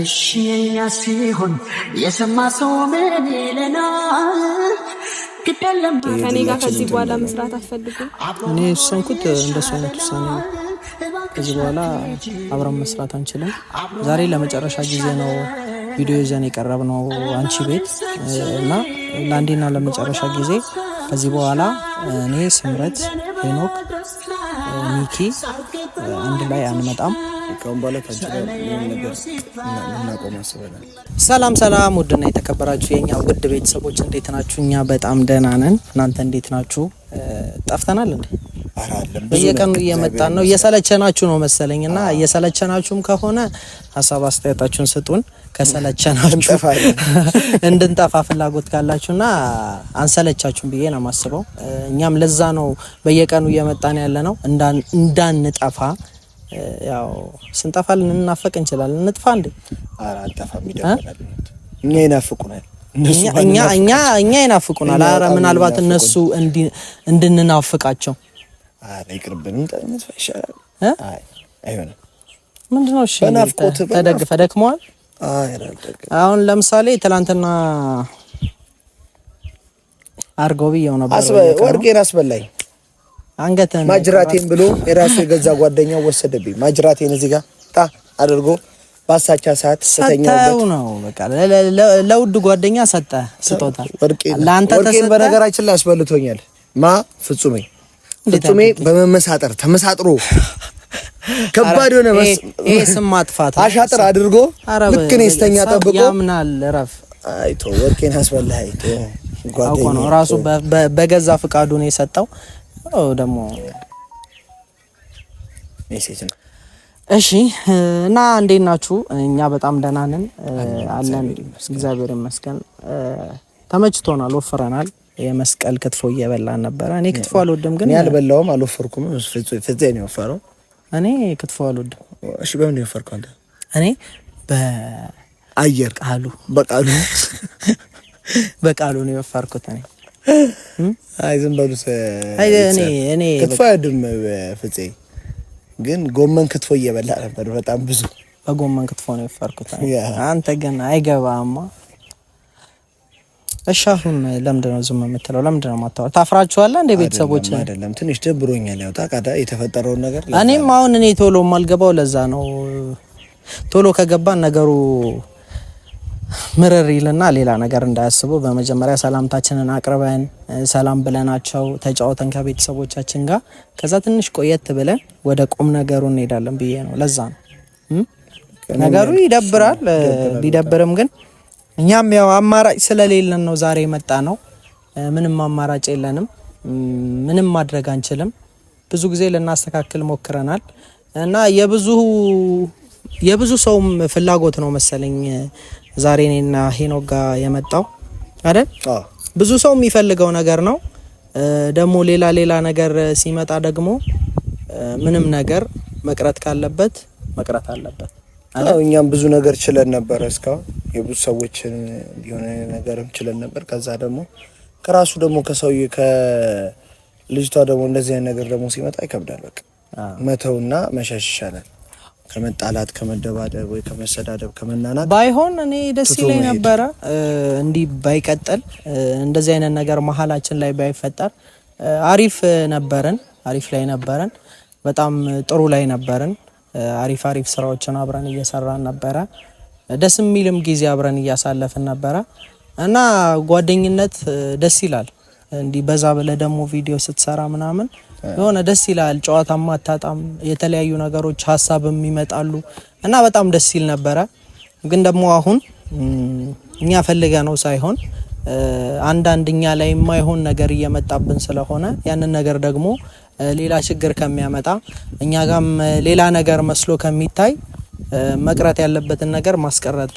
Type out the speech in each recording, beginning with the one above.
እሺ የኛ ሲሆን የሰማ ሰው ምን ይለናል? ከኔ ጋር ከዚህ በኋላ መስራት አትፈልጉም? እኔ የወሰንኩት እንደሱ አይነት ውሳኔ ነው። ከዚህ በኋላ አብረን መስራት አንችልም። ዛሬ ለመጨረሻ ጊዜ ነው ቪዲዮ ይዘን የቀረብ ነው አንቺ ቤት እና ለአንዴና ለመጨረሻ ጊዜ ከዚህ በኋላ እኔ ስምረት ሄኖክ፣ ሚኪ አንድ ላይ አንመጣም። ሰላም ሰላም፣ ውድና የተከበራችሁ የኛ ውድ ቤተሰቦች እንዴት ናችሁ? እኛ በጣም ደህና ነን። እናንተ እንዴት ናችሁ? ጠፍተናል እንዴ? በየቀኑ እየመጣን ነው። እየሰለቸናችሁ ነው መሰለኝ እና እየሰለቸናችሁም ከሆነ ሀሳብ አስተያየታችሁን ስጡን። ከሰለቸናችሁ እንድንጠፋ ፍላጎት ካላችሁና አንሰለቻችሁም ብዬ ነው የማስበው። እኛም ለዛ ነው በየቀኑ እየመጣን ያለ ነው እንዳንጠፋ። ያው ስንጠፋ ልንናፈቅ እንችላለን። እንጥፋ እንዴ? ኧረ አንጠፋም። ይደብረናል። እኛ ይናፍቁናል እኛ እኛ እኛ ይናፍቁናል። ኧረ ምናልባት እነሱ እንድንናፍቃቸው ኧረ ይሻላል። አይሆንም። ምንድን ነው እሺ፣ በናፍቆት ተደግፈ ደክመዋል። አሁን ለምሳሌ ትናንትና አርጎቢ የሆነ ወርቄን አስበላኝ ማጅራቴን ብሎ የራሱ የገዛ ጓደኛው ወሰደብኝ። ማጅራቴን እዚህ ጋር ጣ አድርጎ ባሳቻ ሰዓት ሰተኛው ነው። በቃ ለውድ ጓደኛ ሰጠ ስጦታ። ወርቄን በነገራችን ላይ አስበልቶኛል። ማ ፍጹመኝ ፍጹሜ በመመሳጠር ተመሳጥሮ ከባድ የሆነ ይሄ ስም ማጥፋት አሻጥር አድርጎ ልክ እኔ ስተኛ ጠብቆ ያምናል። ረፍ አይቶ ወርቄን አስበላህ አይቶ አውቆ ነው ራሱ በገዛ ፍቃዱ ነው የሰጠው። ደግሞ እሺ እና እንዴት ናችሁ? እኛ በጣም ደህና ነን አለን፣ እግዚአብሔር ይመስገን። ተመችቶናል፣ ወፍረናል። የመስቀል ክትፎ እየበላን ነበረ። እኔ ክትፎ አልወድም፣ ግን አልበላውም፣ አልወፈርኩም። ፍፄ ነው የወፈረው። እኔ ክትፎ አልወድም። እሺ፣ በምን የወፈርከው አንተ? እኔ በአየር ቃሉ በቃሉ በቃሉ ነው የወፈርኩት። እኔ አይ ዝም በሉት። እኔ ክትፎ አይወድም ፍፄ፣ ግን ጎመን ክትፎ እየበላ ነበር። በጣም ብዙ በጎመን ክትፎ ነው የወፈርኩት። አንተ ግን አይገባማ እሺ አሁን ለምንድን ነው ዝም የምትለው? ለምንድን ነው የማታወራው? ታፍራችኋላ እንደ ቤተሰቦች አይደለም። ትንሽ ደብሮኛል፣ ያው ታውቃለህ የተፈጠረውን ነገር። እኔም አሁን እኔ ቶሎ የማልገባው ለዛ ነው። ቶሎ ከገባን ነገሩ ምርር ይልና ሌላ ነገር እንዳያስቡ በመጀመሪያ ሰላምታችንን አቅርበን ሰላም ብለናቸው ተጫውተን ከቤተሰቦቻችን ጋር ከዛ ትንሽ ቆየት ብለን ወደ ቁም ነገሩ እንሄዳለን ብዬ ነው። ለዛ ነው ነገሩ ይደብራል። ቢደብርም ግን እኛም ያው አማራጭ ስለሌለን ነው ዛሬ የመጣ ነው። ምንም አማራጭ የለንም። ምንም ማድረግ አንችልም። ብዙ ጊዜ ልናስተካክል ሞክረናል እና የብዙ የብዙ ሰውም ፍላጎት ነው መሰለኝ ዛሬ እኔና ሄኖክ ጋር የመጣው አይደል? ብዙ ሰው የሚፈልገው ነገር ነው። ደግሞ ሌላ ሌላ ነገር ሲመጣ ደግሞ ምንም ነገር መቅረት ካለበት መቅረት አለበት። እኛም ብዙ ነገር ችለን ነበረ እስካሁን የብዙ ሰዎችን የሆነ ነገርም ችለን ነበር። ከዛ ደግሞ ከራሱ ደግሞ ከሰውዬ ከልጅቷ ደግሞ እንደዚህ አይነት ነገር ደግሞ ሲመጣ ይከብዳል። በቃ መተውና መሸሽ ይሻላል ከመጣላት ከመደባደብ፣ ወይ ከመሰዳደብ፣ ከመናናት ባይሆን እኔ ደስ ይለኝ ነበረ እንዲህ ባይቀጥል፣ እንደዚህ አይነት ነገር መሀላችን ላይ ባይፈጠር አሪፍ ነበረን። አሪፍ ላይ ነበረን። በጣም ጥሩ ላይ ነበረን። አሪፍ አሪፍ ስራዎችን አብረን እየሰራን ነበረ። ደስ የሚልም ጊዜ አብረን እያሳለፍን ነበረ እና ጓደኝነት ደስ ይላል። እንዲህ በዛ ብለህ ደግሞ ቪዲዮ ስትሰራ ምናምን የሆነ ደስ ይላል። ጨዋታ ማታጣም የተለያዩ ነገሮች ሀሳብም ይመጣሉ እና በጣም ደስ ይል ነበረ። ግን ደግሞ አሁን እኛ ፈልገ ነው ሳይሆን አንዳንድኛ ላይ የማይሆን ነገር እየመጣብን ስለሆነ ያንን ነገር ደግሞ ሌላ ችግር ከሚያመጣ እኛ ጋም ሌላ ነገር መስሎ ከሚታይ መቅረት ያለበትን ነገር ማስቀረት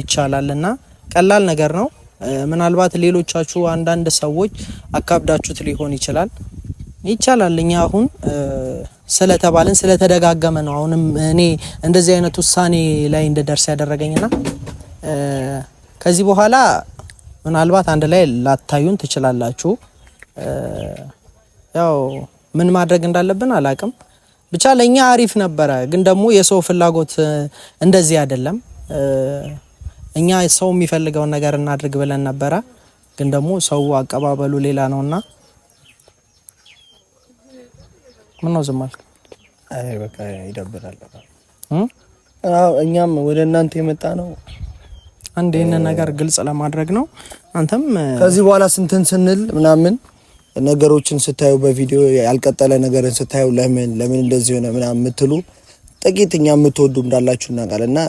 ይቻላል እና ቀላል ነገር ነው። ምናልባት ሌሎቻችሁ አንዳንድ ሰዎች አካብዳችሁት ሊሆን ይችላል ይቻላል። እኛ አሁን ስለተባልን ስለተደጋገመ ነው። አሁንም እኔ እንደዚህ አይነት ውሳኔ ላይ እንድደርስ ያደረገኝና ከዚህ በኋላ ምናልባት አንድ ላይ ላታዩን ትችላላችሁ። ያው ምን ማድረግ እንዳለብን አላቅም። ብቻ ለእኛ አሪፍ ነበረ፣ ግን ደግሞ የሰው ፍላጎት እንደዚህ አይደለም። እኛ ሰው የሚፈልገውን ነገር እናድርግ ብለን ነበረ፣ ግን ደግሞ ሰው አቀባበሉ ሌላ ነውና ምን ነው ዝም አልክ? አይ በቃ ይደብራል። እኛም ወደ እናንተ የመጣ ነው አንድ ይህንን ነገር ግልጽ ለማድረግ ነው። አንተም ከዚህ በኋላ ስንትን ስንል ምናምን ነገሮችን ስታዩ በቪዲዮ ያልቀጠለ ነገርን ስታዩ ለምን ለምን እንደዚህ ሆነ ምናምን የምትሉ ጥቂት እኛ የምትወዱ እንዳላችሁ እናውቃለን እና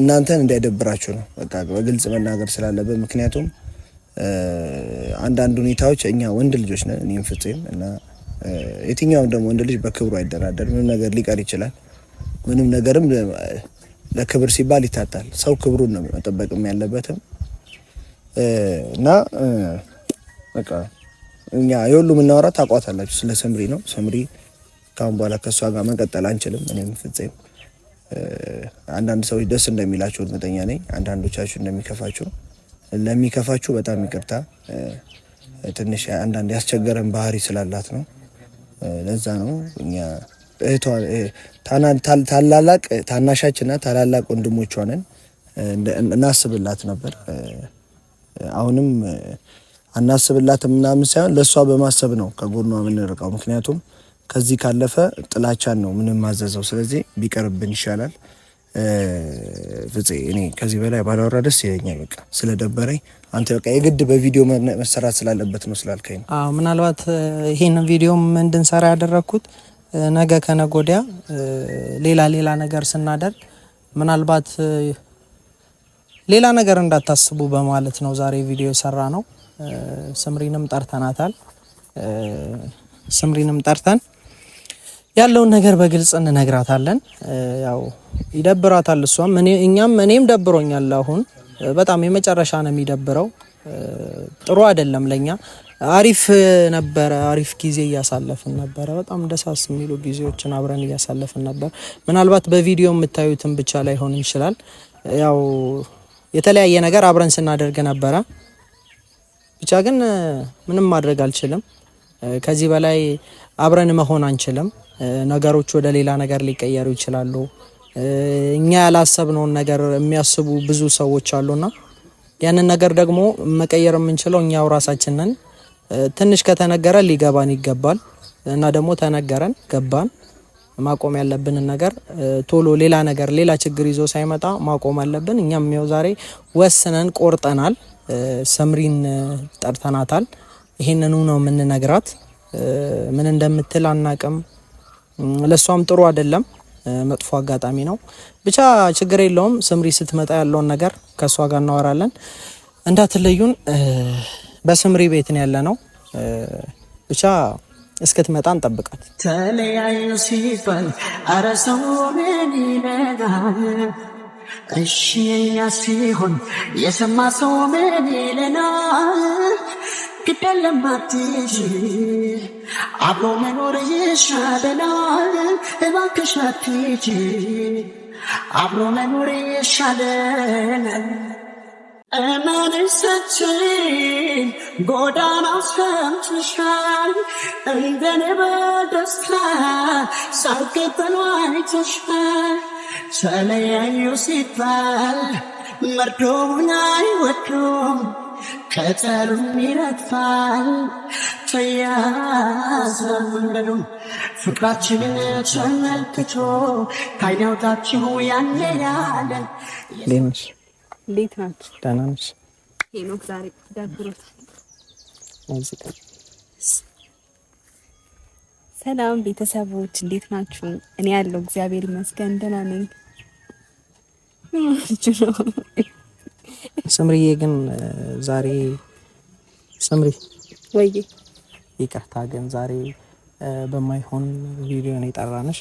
እናንተን እንዳይደብራችሁ ነው በቃ በግልጽ መናገር ስላለብን። ምክንያቱም አንዳንድ ሁኔታዎች እኛ ወንድ ልጆች ነን፣ እኔም ፍፄም እና የትኛውም ደግሞ ወንድ ልጅ በክብሩ አይደራደር። ምንም ነገር ሊቀር ይችላል ምንም ነገርም ለክብር ሲባል ይታጣል። ሰው ክብሩን ነው መጠበቅም ያለበትም እና በቃ እኛ የሁሉም እናወራ ታውቋታላችሁ። ስለ ሰምሪ ነው። ሰምሪ ካሁን በኋላ ከእሷ ጋር መቀጠል አንችልም። እኔም ፍፄም አንዳንድ ሰዎች ደስ እንደሚላቸው እርግጠኛ ነኝ። አንዳንዶቻችሁ እንደሚከፋችሁ ለሚከፋችሁ በጣም ይቅርታ። ትንሽ አንዳንድ ያስቸገረን ባህሪ ስላላት ነው። ለዛ ነው እኛ እህቷ ታላላቅ ታናሻችና ታላላቅ ወንድሞቿ ነን እናስብላት ነበር። አሁንም አናስብላት ምናምን ሳይሆን ለእሷ በማሰብ ነው ከጎኗ የምንርቀው። ምክንያቱም ከዚህ ካለፈ ጥላቻን ነው ምንም ማዘዘው። ስለዚህ ቢቀርብን ይሻላል። ፍፄ እኔ ከዚህ በላይ ባላወራ ደስ ይለኛል። በቃ ስለደበረኝ አንተ በቃ የግድ በቪዲዮ መሰራት ስላለበት ነው ስላልከኝ ነው። ምናልባት ይህን ቪዲዮም እንድንሰራ ያደረግኩት ነገ ከነጎዲያ ሌላ ሌላ ነገር ስናደርግ ምናልባት ሌላ ነገር እንዳታስቡ በማለት ነው ዛሬ ቪዲዮ የሰራ ነው። ስምሪንም ጠርተናታል። ስምሪንም ጠርተን ያለውን ነገር በግልጽ እንነግራታለን። ያው ይደብራታል፣ እሷም እኛም እኔም ደብሮኛል። አሁን በጣም የመጨረሻ ነው የሚደብረው። ጥሩ አይደለም ለኛ አሪፍ ነበረ። አሪፍ ጊዜ እያሳለፍን ነበረ። በጣም ደሳስ የሚሉ ጊዜዎችን አብረን እያሳለፍን ነበር። ምናልባት በቪዲዮ የምታዩትን ብቻ ላይሆን ይችላል። ያው የተለያየ ነገር አብረን ስናደርግ ነበረ። ብቻ ግን ምንም ማድረግ አልችልም። ከዚህ በላይ አብረን መሆን አንችልም። ነገሮች ወደ ሌላ ነገር ሊቀየሩ ይችላሉ። እኛ ያላሰብነውን ነገር የሚያስቡ ብዙ ሰዎች አሉና ያንን ነገር ደግሞ መቀየር የምንችለው እኛው ራሳችንን ትንሽ ከተነገረ ሊገባን ይገባል እና ደግሞ ተነገረን፣ ገባን። ማቆም ያለብንን ነገር ቶሎ ሌላ ነገር ሌላ ችግር ይዞ ሳይመጣ ማቆም አለብን። እኛም ያው ዛሬ ወስነን ቆርጠናል። ሰምሪን ጠርተናታል። ይሄንኑ ነው የምንነግራት። ምን እንደምትል አናቅም። ለእሷም ጥሩ አይደለም፣ መጥፎ አጋጣሚ ነው። ብቻ ችግር የለውም። ስምሪ ስትመጣ ያለውን ነገር ከእሷ ጋር እናወራለን። እንዳትለዩን። በስምሪ ቤት ነው ያለ ነው። ብቻ እስክትመጣ እንጠብቃት። ተለያዩ ሲባል ኧረ ሰው ምን ይለናል? እሺ የኛ ሲሆን የሰማ ሰው ምን ይለናል? ግደለም አብሮ መኖር ይሻለናል። እባክሽ አትሂጂ አብሮ መኖር ይሻለናል። እመንሽ ስትይኝ ጎዳናው እንደኔ በደስታ ሳቅብሎ አይቶሻል። ተለያዩ ሲባል መርዶውን አይወዱም፣ ይረግፋል። ፍቅራችንን ተመልክቶ ካይናውታችሁ እንዴት ናችሁ? ደህና ነሽ? ሄኖክ ዛሬ ደብሮታል። ሰላም ቤተሰቦች እንዴት ናችሁ? እኔ ያለው እግዚአብሔር ይመስገን ደህና ነኝ። ስምሪዬ ግን ዛሬ ስምሪ ወይ ይቅርታ ግን ዛሬ በማይሆን ቪዲዮ ነው የጠራንሽ።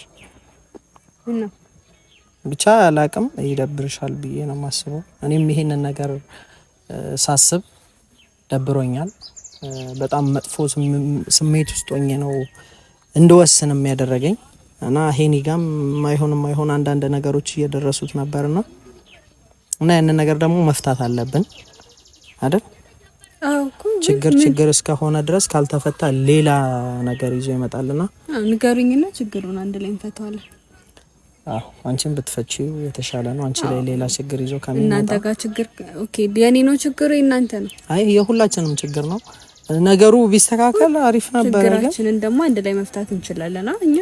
ብቻ አላቅም ይደብርሻል ብዬ ነው የማስበው። እኔም ይሄንን ነገር ሳስብ ደብሮኛል። በጣም መጥፎ ስሜት ውስጥ ሆኜ ነው እንድወስንም ያደረገኝ እና ሄኒ ጋም ማይሆን ማይሆን አንዳንድ ነገሮች እየደረሱት ነው እና ያንን ነገር ደግሞ መፍታት አለብን አይደል? ችግር ችግር እስከሆነ ድረስ ካልተፈታ ሌላ ነገር ይዞ ይመጣልና ንገሩኝና ችግሩን አንድ ላይ እንፈታዋለን። አዎ አንቺን ብትፈቺው የተሻለ ነው። አንቺ ላይ ሌላ ችግር ይዞ ከሚመጣ እናንተ ጋር ችግር ኦኬ፣ የኔ ነው ችግሩ፣ የእናንተ ነው። አይ የሁላችንም ችግር ነው። ነገሩ ቢስተካከል አሪፍ ነበር። ችግራችንን ደግሞ አንድ ላይ መፍታት እንችላለና እኛ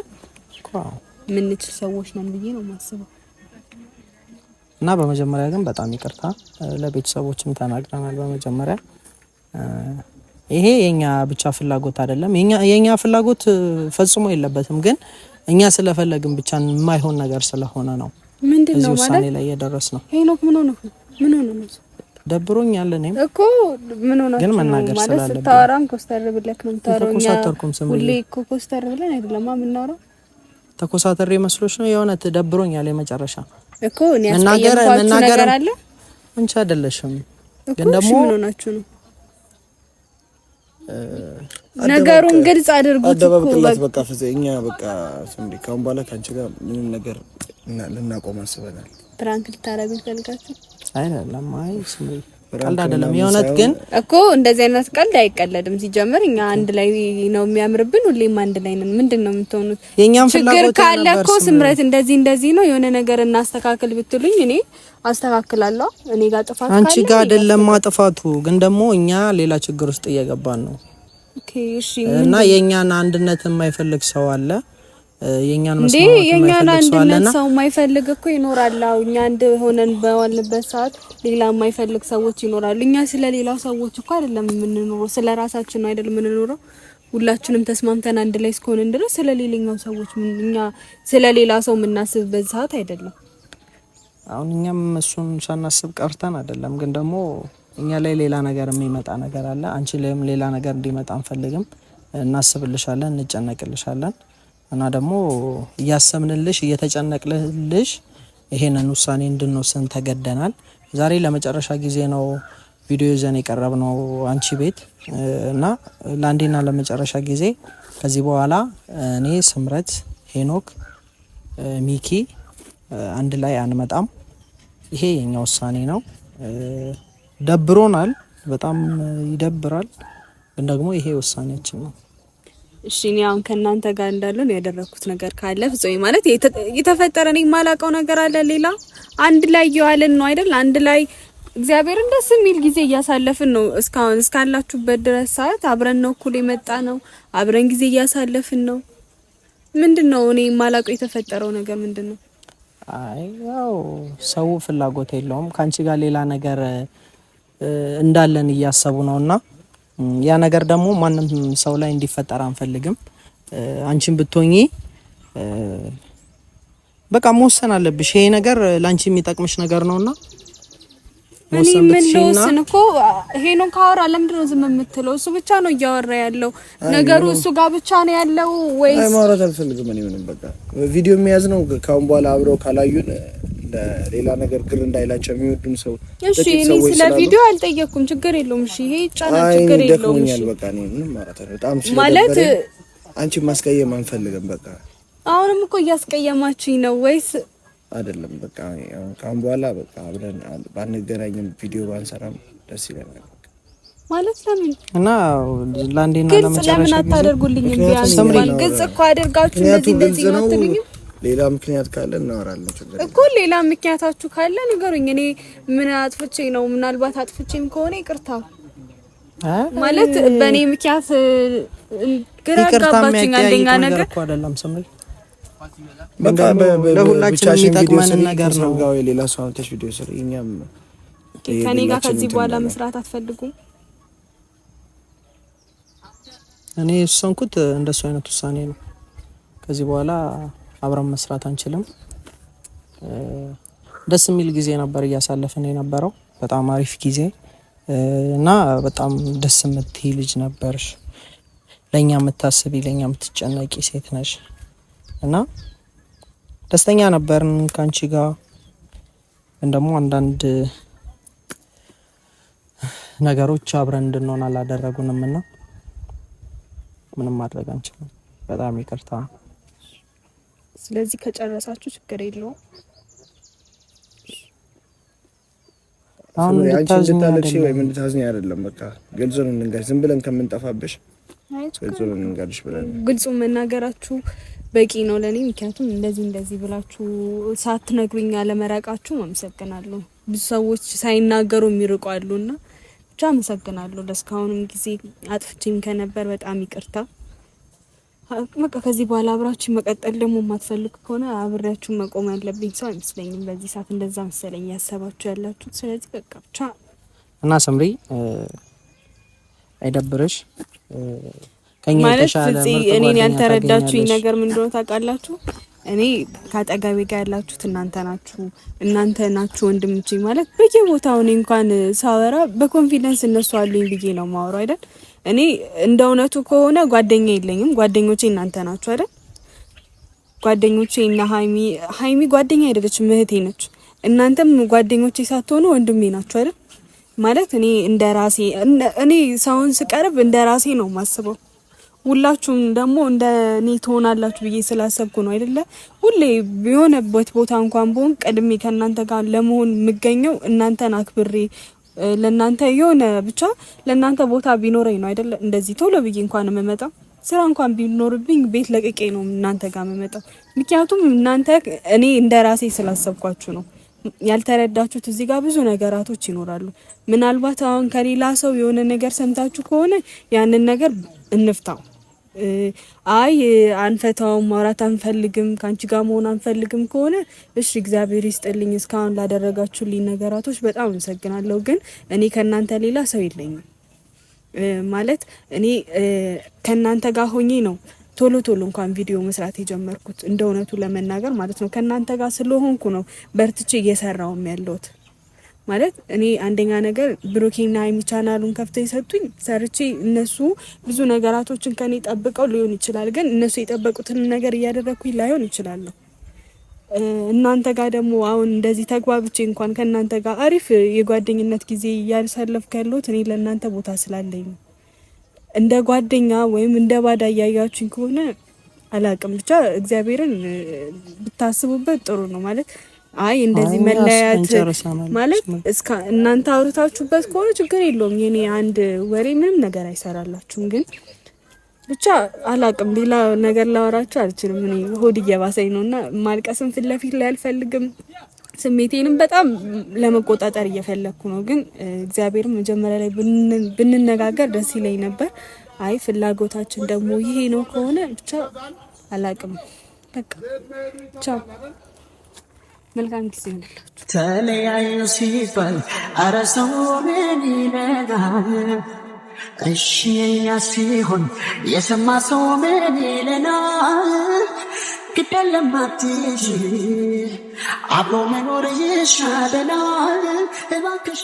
የምንችል ሰዎች ነን ብዬ ነው የማስበው። እና በመጀመሪያ ግን በጣም ይቅርታ ለቤተሰቦችም ተናግረናል። በመጀመሪያ ይሄ የኛ ብቻ ፍላጎት አይደለም። የኛ ፍላጎት ፈጽሞ የለበትም ግን እኛ ስለፈለግን ብቻ የማይሆን ነገር ስለሆነ ነው እዚህ ውሳኔ ላይ እየደረስ ነው። ሄኖክ ምን ነው? ምን ሆነ ነው ደብሮኛል። እኔም እኮ ምን ሆነ ግን መናገር ስላለብኝ ኮስተር ብለክ ነው የምታወራው። እኛ ሁሌ እኮ ኮስተር ብለን አይደለማ የምናወራው። ተኮሳተሬ መስሎች ነው የሆነ ደብሮኛል። የመጨረሻ እኮ እኔ አስቀየምኳችሁ ነገር አለ። አንቺ አይደለሽም ግን ደግሞ ምን ሆናችሁ ነው ነገሩን ግልጽ አድርጉት። አደባብቅላት በቃ ፍፄ፣ እኛ በቃ ስንዴ ካሁን በኋላ ከአንቺ ጋር ምንም ነገር ልናቆም አስበናል። ፕራንክ ልታረቢ ፈልጋችሁ አይደለም? አይ ስንዴ ቀልድ አይደለም። የእውነት ግን እኮ እንደዚህ አይነት ቀልድ አይቀለድም። ሲጀምር እኛ አንድ ላይ ነው የሚያምርብን፣ ሁሌም አንድ ላይ ነን። ምንድን ነው የምትሆኑት? ችግር ካለ እኮ ስምረት እንደዚህ እንደዚህ ነው የሆነ ነገር እናስተካክል ብትሉኝ እኔ አስተካክላለሁ። እኔ ጋር ጥፋት ካለ አንቺ ጋር አይደለም ጥፋቱ፣ ግን ደግሞ እኛ ሌላ ችግር ውስጥ እየገባን ነው እና የእኛን አንድነት የማይፈልግ ሰው አለ የኛን መስማት የኛን አንድነት ሰው የማይፈልግ እኮ ይኖራል። እኛ አንድ ሆነን በዋልንበት ሰዓት ሌላ የማይፈልግ ሰዎች ይኖራሉ። እኛ ስለ ሌላው ሰዎች እኮ አይደለም የምንኖረው፣ ስለ ራሳችን አይደለም የምንኖረው። ሁላችንም ተስማምተን አንድ ላይ እስከሆነን ድረስ ስለ ሌላኛው ሰዎች እኛ ስለ ሌላ ሰው የምናስብበት ሰዓት አይደለም። አሁን እኛም እሱን ሳናስብ ቀርተን አይደለም፣ ግን ደግሞ እኛ ላይ ሌላ ነገር የሚመጣ ነገር አለ። አንቺ ላይም ሌላ ነገር እንዲመጣ አንፈልግም። እናስብልሻለን፣ እንጨነቅልሻለን እና ደግሞ እያሰብንልሽ እየተጨነቅልልሽ ይሄንን ውሳኔ እንድንወስን ተገደናል። ዛሬ ለመጨረሻ ጊዜ ነው ቪዲዮ ይዘን የቀረብ ነው አንቺ ቤት እና ለአንዴና ለመጨረሻ ጊዜ ከዚህ በኋላ እኔ ስምረት፣ ሄኖክ፣ ሚኪ አንድ ላይ አንመጣም። ይሄ የኛ ውሳኔ ነው። ደብሮናል፣ በጣም ይደብራል፣ ግን ደግሞ ይሄ ውሳኔያችን ነው። እሺ እኔ አሁን ከእናንተ ጋር እንዳለን ያደረኩት ነገር ካለ ፍጹም ማለት የተፈጠረ እኔ የማላውቀው ነገር አለ። ሌላ አንድ ላይ እየዋልን ነው አይደል? አንድ ላይ እግዚአብሔርን ደስ የሚል ጊዜ እያሳለፍን ነው። እስካሁን እስካላችሁበት ድረስ ሰዓት አብረን ነው እኩል የመጣ ነው። አብረን ጊዜ እያሳለፍን ነው። ምንድን ነው እኔ የማላውቀው የተፈጠረው ነገር ምንድን ነው? አይ ያው ሰው ፍላጎት የለውም ከአንቺ ጋር ሌላ ነገር እንዳለን እያሰቡ ነውና ያ ነገር ደግሞ ማንም ሰው ላይ እንዲፈጠር አንፈልግም። አንቺን ብትሆኚ በቃ መወሰን አለብሽ። ይሄ ነገር ለአንቺ የሚጠቅምሽ ነገር ነውና እኔ ምን ልወስን እኮ ሄኖን ካወራ ለምንድን ነው ዝም የምትለው? እሱ ብቻ ነው እያወራ ያለው ነገሩ እሱ ጋር ብቻ ነው ያለው ወይስ? አይ ማውራት አልፈልግም እኔ ምንም በቃ ቪዲዮ የሚያዝ ነው። ካሁን በኋላ አብረው ካላዩን ለሌላ ነገር ግር እንዳይላቸው የሚወዱን ሰው እሺ። እኔ ስለ ቪዲዮ አልጠየቅኩም፣ ችግር የለውም። እሺ፣ ይሄ ጫና ችግር የለውም። እሺ፣ በቃ እኔ ምንም ማለት ነው በጣም ማለት አንቺ ማስቀየም አንፈልግም። በቃ አሁንም እኮ እያስቀየማችኝ ነው ወይስ አይደለም? በቃ ካሁን በኋላ በቃ አብረን ባንገናኝም ቪዲዮ ባንሰራም ደስ ይለናል። ማለት ለምን እና ለአንዴና ለምን አታደርጉልኝም? ቢያንስ ግልጽ እኮ አድርጋችሁ እንደዚህ እንደዚህ ነው አትሉኝም? ሌላ ምክንያት ካለ እናወራለን። ችግር እኮ ሌላ ምክንያታችሁ ካለ ንገሩኝ። እኔ ምን አጥፍቼ ነው? ምናልባት አጥፍቼም ከሆነ ይቅርታ ማለት በእኔ ምክንያት ግራ አጋባችኝ። አንደኛ ነገር እኮ አይደለም ስምል ለሁላችንም የሚጠቅመን ነገር ነው። ሌላ ሰው አምተሽ ቪዲዮ ስር እኛም ከኔ ጋር ከዚህ በኋላ መስራት አትፈልጉም? እኔ የወሰንኩት እንደሱ አይነት ውሳኔ ነው። ከዚህ በኋላ አብረን መስራት አንችልም። ደስ የሚል ጊዜ ነበር እያሳለፍን የነበረው በጣም አሪፍ ጊዜ እና በጣም ደስ የምትይ ልጅ ነበርሽ። ለእኛ የምታስቢ ለእኛ የምትጨነቂ ሴት ነሽ እና ደስተኛ ነበርን ከአንቺ ጋር። ግን ደግሞ አንዳንድ ነገሮች አብረን እንድንሆን አላደረጉንም እና ምንም ማድረግ አንችልም። በጣም ይቅርታ። ስለዚህ ከጨረሳችሁ ችግር የለውም። እንድታለቅሽ ወይም እንድታዝኝ አይደለም። በቃ ግልጹን እንንገር፣ ዝም ብለን ከምንጠፋብሽ ግልጹን እንንገርሽ ብለን ግልጹን መናገራችሁ በቂ ነው ለእኔ። ምክንያቱም እንደዚህ እንደዚህ ብላችሁ ሳትነግሩኝ አለመራቃችሁ አመሰግናለሁ። ብዙ ሰዎች ሳይናገሩ የሚርቁ አሉና ብቻ አመሰግናለሁ። ለእስካሁንም ጊዜ አጥፍቼም ከነበር በጣም ይቅርታ። በቃ ከዚህ በኋላ አብራችሁ መቀጠል ደግሞ የማትፈልግ ከሆነ አብሬያችሁ መቆም ያለብኝ ሰው አይመስለኝም። በዚህ ሰዓት እንደዛ መሰለኝ ያሰባችሁ ያላችሁ ስለዚህ በቃ ብቻ እና ሰምሪ አይደብርሽ ማለት እኔን ያልተረዳችሁኝ ነገር ምን እንደሆነ ታውቃላችሁ? እኔ ከአጠገቤ ጋር ያላችሁት እናንተ ናችሁ፣ እናንተ ናችሁ ወንድምችኝ ማለት በየቦታው እኔ እንኳን ሳወራ በኮንፊደንስ እነሱ አሉኝ ብዬ ነው ማወራው አይደል እኔ እንደ እውነቱ ከሆነ ጓደኛ የለኝም። ጓደኞቼ እናንተ ናችሁ አይደል? ጓደኞቼ እና ሀይሚ ሀይሚ ጓደኛ አይደለችም፣ እህቴ ነች። እናንተም ጓደኞቼ ሳትሆኑ ወንድሜ ናችሁ አይደል? ማለት እኔ እንደ ራሴ እኔ ሰውን ስቀርብ እንደ ራሴ ነው ማስበው። ሁላችሁም ደግሞ እንደ እኔ ትሆናላችሁ ብዬ ስላሰብኩ ነው አይደለ? ሁሌ የሆነበት ቦታ እንኳን ብሆን ቀድሜ ከእናንተ ጋር ለመሆን የምገኘው እናንተን አክብሬ ለእናንተ የሆነ ብቻ ለእናንተ ቦታ ቢኖረኝ ነው አይደለ? እንደዚህ ቶሎ ብዬ እንኳን የምመጣው ስራ እንኳን ቢኖርብኝ ቤት ለቅቄ ነው እናንተ ጋር የምመጣው። ምክንያቱም እናንተ እኔ እንደ ራሴ ስላሰብኳችሁ ነው። ያልተረዳችሁት እዚህ ጋር ብዙ ነገራቶች ይኖራሉ። ምናልባት አሁን ከሌላ ሰው የሆነ ነገር ሰምታችሁ ከሆነ ያንን ነገር እንፍታው አይ አንፈታውም፣ ማውራት አንፈልግም፣ ከአንቺ ጋር መሆን አንፈልግም ከሆነ እሺ፣ እግዚአብሔር ይስጥልኝ እስካሁን ላደረጋችሁልኝ ነገራቶች በጣም አመሰግናለሁ። ግን እኔ ከእናንተ ሌላ ሰው የለኝም። ማለት እኔ ከእናንተ ጋር ሆኜ ነው ቶሎ ቶሎ እንኳን ቪዲዮ መስራት የጀመርኩት እንደ እውነቱ ለመናገር ማለት ነው። ከእናንተ ጋር ስለሆንኩ ነው በርትቼ እየሰራውም ያለሁት። ማለት እኔ አንደኛ ነገር ብሩኬና ሀይሚ ቻናሉን ከፍተው የሰጡኝ ሰርቼ እነሱ ብዙ ነገራቶችን ከኔ ጠብቀው ሊሆን ይችላል። ግን እነሱ የጠበቁትን ነገር እያደረግኩኝ ላይሆን ይችላለሁ። እናንተ ጋር ደግሞ አሁን እንደዚህ ተግባብቼ እንኳን ከእናንተ ጋር አሪፍ የጓደኝነት ጊዜ እያሳለፍኩ ያለሁት እኔ ለእናንተ ቦታ ስላለኝ ነው። እንደ ጓደኛ ወይም እንደ ባዳ እያያችሁኝ ከሆነ አላቅም ብቻ እግዚአብሔርን ብታስቡበት ጥሩ ነው ማለት አይ እንደዚህ መለያየት ማለት እስከ እናንተ አውርታችሁበት ከሆነ ችግር የለውም። የኔ አንድ ወሬ ምንም ነገር አይሰራላችሁም። ግን ብቻ አላቅም፣ ሌላ ነገር ላወራችሁ አልችልም። እኔ ሆድ እየባሰኝ ነው እና ማልቀስም ፊት ለፊት ላይ አልፈልግም። ስሜቴንም በጣም ለመቆጣጠር እየፈለግኩ ነው። ግን እግዚአብሔር መጀመሪያ ላይ ብንነጋገር ደስ ይለኝ ነበር። አይ ፍላጎታችን ደግሞ ይሄ ነው ከሆነ ብቻ አላቅም። በቃ ቻው መልካም ጊዜ ሆንላችሁ። ተለያዩ ሲባል አረ ሰው ምን ይለናል? እሺ የኛ ሲሆን የሰማ ሰው ምን ይለናል? ግድ አብሮ መኖር ይሻለናል። እባክሽ